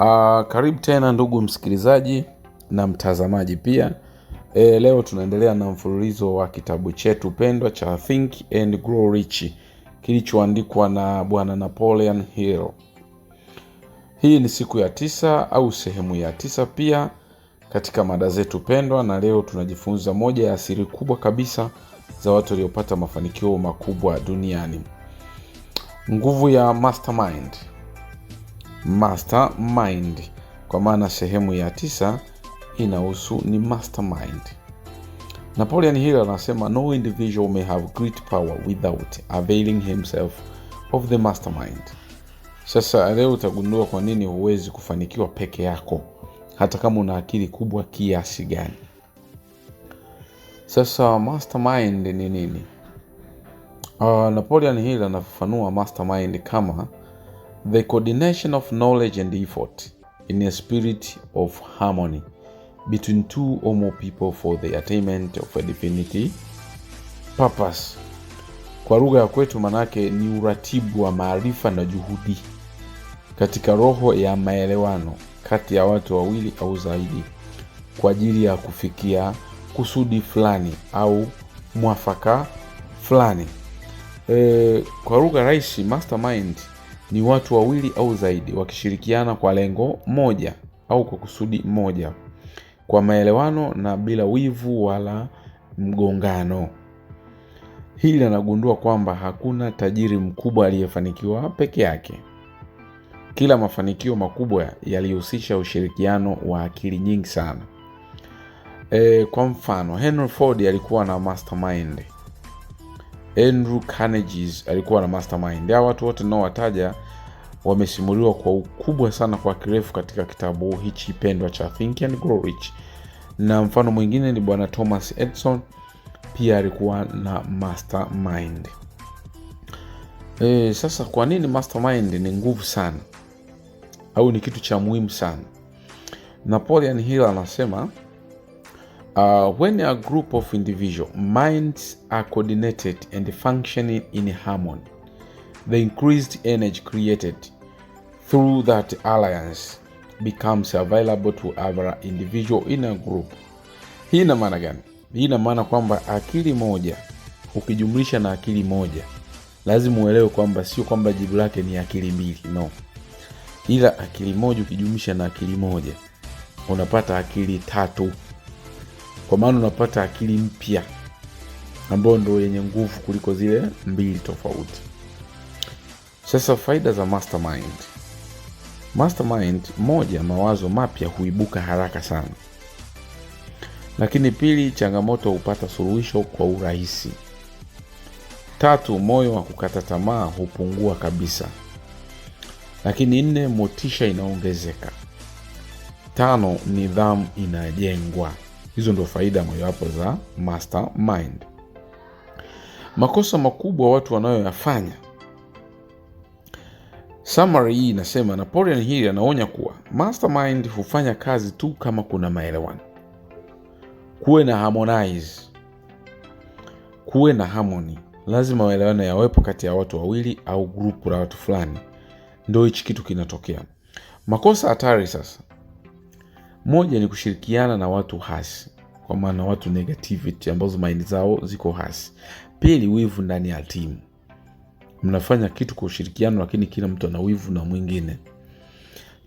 Uh, karibu tena ndugu msikilizaji na mtazamaji pia. E, leo tunaendelea na mfululizo wa kitabu chetu pendwa cha Think and Grow Rich kilichoandikwa na Bwana Napoleon Hill. Hii ni siku ya tisa au sehemu ya tisa pia katika mada zetu pendwa, na leo tunajifunza moja ya siri kubwa kabisa za watu waliopata mafanikio makubwa duniani, nguvu ya mastermind mastermind, kwa maana sehemu ya tisa inahusu ni mastermind. Napoleon Hill anasema no individual may have great power without availing himself of the mastermind. Sasa leo utagundua kwa nini huwezi kufanikiwa peke yako hata kama una akili kubwa kiasi gani. Sasa mastermind ni nini? Uh, Napoleon Hill anafafanua mastermind kama the coordination of knowledge and effort in a spirit of harmony between two or more people for the attainment of a divinity purpose. Kwa lugha ya kwetu, manake ni uratibu wa maarifa na juhudi katika roho ya maelewano kati ya watu wawili au zaidi kwa ajili ya kufikia kusudi fulani au mwafaka fulani. E, kwa lugha rahisi mastermind ni watu wawili au zaidi wakishirikiana kwa lengo moja au kwa kusudi moja, kwa maelewano na bila wivu wala mgongano. Hili anagundua kwamba hakuna tajiri mkubwa aliyefanikiwa peke yake. Kila mafanikio makubwa yalihusisha ushirikiano wa akili nyingi sana. E, kwa mfano Henry Ford alikuwa na mastermind Andrew Carnegie's alikuwa na mastermind. Hao watu wote ninaowataja wamesimuliwa kwa ukubwa sana kwa kirefu katika kitabu hichi pendwa cha Think and Grow Rich, na mfano mwingine ni bwana Thomas Edison, pia alikuwa na mastermind. E, sasa kwa nini mastermind ni nguvu sana au ni kitu cha muhimu sana? Napoleon Hill anasema Uh, when a group of individual minds are coordinated and functioning in harmony, the increased energy created through that alliance becomes available to other individual in a group. Hii ina maana gani? Hii ina maana kwamba akili moja ukijumlisha na akili moja, lazima uelewe kwamba sio kwamba jibu lake ni akili mbili, no, ila akili moja ukijumlisha na akili moja unapata akili tatu kwa maana unapata akili mpya ambayo ndo yenye nguvu kuliko zile mbili tofauti. Sasa faida za mastermind. Mastermind, moja, mawazo mapya huibuka haraka sana, lakini pili, changamoto hupata suluhisho kwa urahisi. Tatu, moyo wa kukata tamaa hupungua kabisa. Lakini nne, motisha inaongezeka. Tano, nidhamu inajengwa. Hizo ndo faida mojawapo za mastermind. Makosa makubwa watu wanayoyafanya. Summary hii inasema Napoleon Hill anaonya kuwa mastermind hufanya kazi tu kama kuna maelewano, kuwe na harmonize, kuwe na harmony. Lazima maelewano yawepo kati ya watu wawili au grupu la watu fulani, ndo hichi kitu kinatokea. Makosa hatari sasa moja ni kushirikiana na watu hasi, kwa maana watu negativity ambazo maini zao ziko hasi. Pili, wivu ndani ya timu, mnafanya kitu kwa ushirikiano, lakini kila mtu ana wivu na mwingine.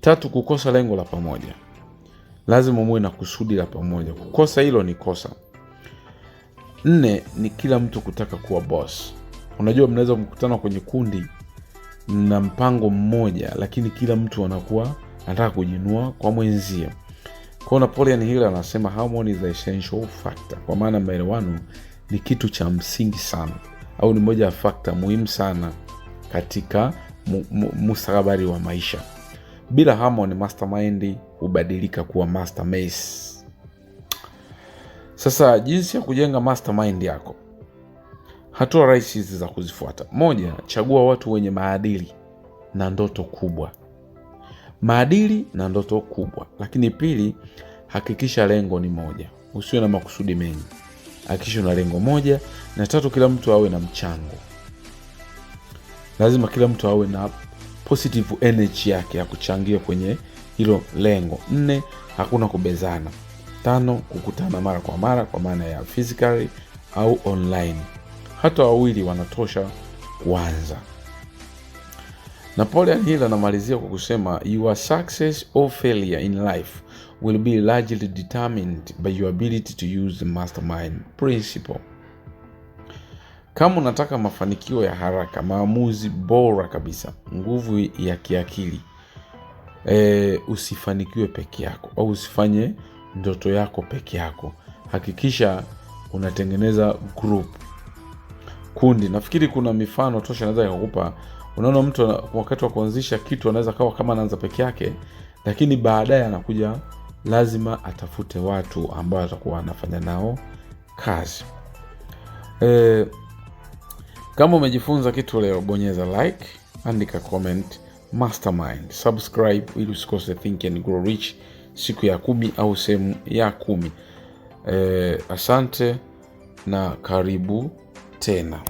Tatu, kukosa lengo la pamoja, lazima muwe na kusudi la pamoja. Kukosa hilo ni kosa. Nne ni kila mtu kutaka kuwa boss. Unajua, mnaweza mkutana kwenye kundi na mpango mmoja, lakini kila mtu anakuwa anataka kujinua kwa mwenzia. Kwao Napoleon Hill anasema harmony is the essential factor, kwa maana maelewano ni kitu cha msingi sana, au ni moja ya fakta muhimu sana katika mustakabari wa maisha. Bila harmony, mastermind hubadilika kuwa master mace. Sasa jinsi ya kujenga mastermind yako, hatua rahisi hizi za kuzifuata: moja, chagua watu wenye maadili na ndoto kubwa maadili na ndoto kubwa. Lakini pili, hakikisha lengo ni moja, usiwe na makusudi mengi, hakikisha una lengo moja. Na tatu, kila mtu awe na mchango, lazima kila mtu awe na positive energy yake ya kuchangia kwenye hilo lengo. Nne, hakuna kubezana. Tano, kukutana mara kwa mara kwa maana ya physically au online, hata wawili wanatosha kuanza. Napoleon Hill anamalizia kwa kusema your success or failure in life will be largely determined by your ability to use the mastermind principle. Kama unataka mafanikio ya haraka, maamuzi bora kabisa, nguvu ya kiakili, e, usifanikiwe peke yako au usifanye ndoto yako peke yako. Hakikisha unatengeneza group, kundi. Nafikiri kuna mifano tosha naweza kukupa unaona mtu wakati wa kuanzisha kitu anaweza kawa kama anaanza peke yake lakini baadaye anakuja lazima atafute watu ambao atakuwa anafanya nao kazi e, kama umejifunza kitu leo bonyeza like andika comment mastermind subscribe ili usikose think and grow rich siku ya kumi au sehemu ya kumi e, asante na karibu tena